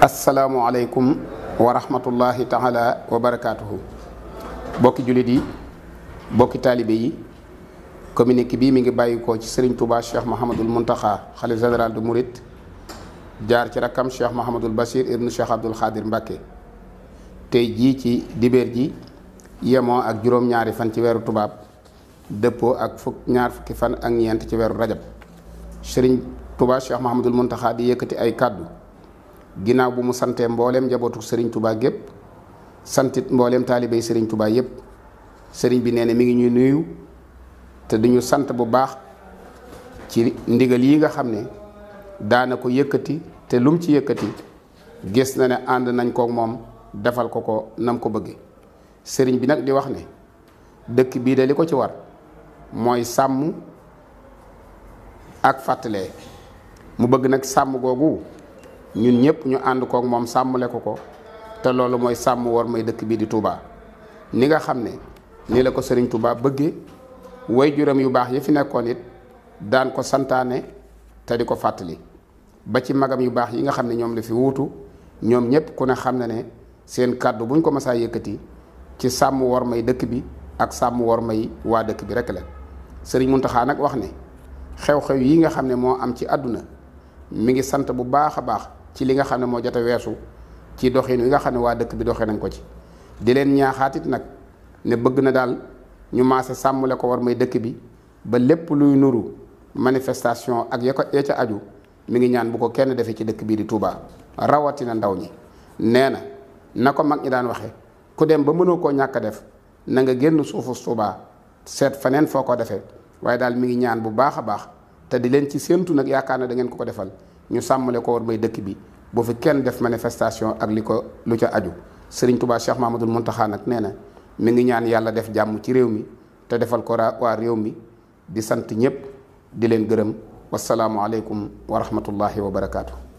asalaamualeykum wa rahmatullahi taala wa barakaatuhu bokki jullit yi bokki taalibe yi communiqué bii mi ngi bàyyikoo ci sëriñ Touba Cheikh Mahamadul Muntaxa xalif général de Mouride jaar ci rakkam Cheikh Mahamadul Bachir ibnu Cheikh Abdoul Xaadir Mbàkke tey jii ci dibeer ji yemoo ak juróom-ñaari fan ci weeru tubaab dëppoo ak fukk ñaar fukki fan ak ñeent ci weeru rajab sëriñ Touba Cheikh Mahamadul Muntaxa di yëkkati ay kàddu ginnaaw bu mu santee mbooleem njabootu sëriñ Touba gépp santit mbooleem taalibey sëriñ tubaa yépp sëriñ bi nee na mi ngi ñuy nuyu te duñu sant bu baax ci ndigal yi nga xam ne daana ko yëkkati te lum ci yëkkati gis na ne ànd nañ kook moom defal ko ko nam ko bëgge sëriñ bi nag di wax ne dëkk bii de li ko ci war mooy sàmm ak fàttale mu bëgg nag sàmm googu ñun ñëpp ñu ànd kook moom sàmmale ko ko te loolu mooy sàmm war may dëkk bii di Touba ni nga xam ne nii la ko sëriñ Touba bëggee way juram yu baax yi fi nekkoon it daan ko santaane te di ko fàttali ba ci magam yu baax yi nga xam ne ñoom la fi wuutu ñoom ñëpp ku ne xam ne ne seen kàddu buñ ko masaa yëkkati ci sàmm war may dëkk bi ak sàmm war may waa dëkk bi rek la sëriñ Muntaxa nag wax ne xew-xew yi nga xam ne moo am ci àdduna mu ngi sant bu baax a baax ci li nga xam ne moo jote a weesu ci doxin wi nga xam ne waa dëkk bi doxee nañ ko ci di leen ñaaxaatit nag ne bëgg na daal ñu maase sàmmule ko war may dëkk bi ba lépp luy nuru manifestation ak ya ko ya ca aju mi ngi ñaan bu ko kenn defee ci dëkk bii di Touba rawatina ndaw ñi nee na na ko mag ñi daan waxe ku dem ba mënoo koo ñàkk a def na nga génn suufu Touba seet faneen foo ko defee waaye daal mi ngi ñaan bu baax a baax te di leen ci séentu nag yaakaar na da ngeen ko ko defal ñu sàmmale ko war may dëkk bi boo fi kenn def manifestation ak li ko lu ca aju sëriñ Touba Cheikh Mamadou Mountakha nag nee na mi ngi ñaan yàlla def jàmm ci réew mi te defal ko waa réew mi di sant ñëpp di leen gërëm wasalaamualeykum wa rahmatullahi wa barakaatu.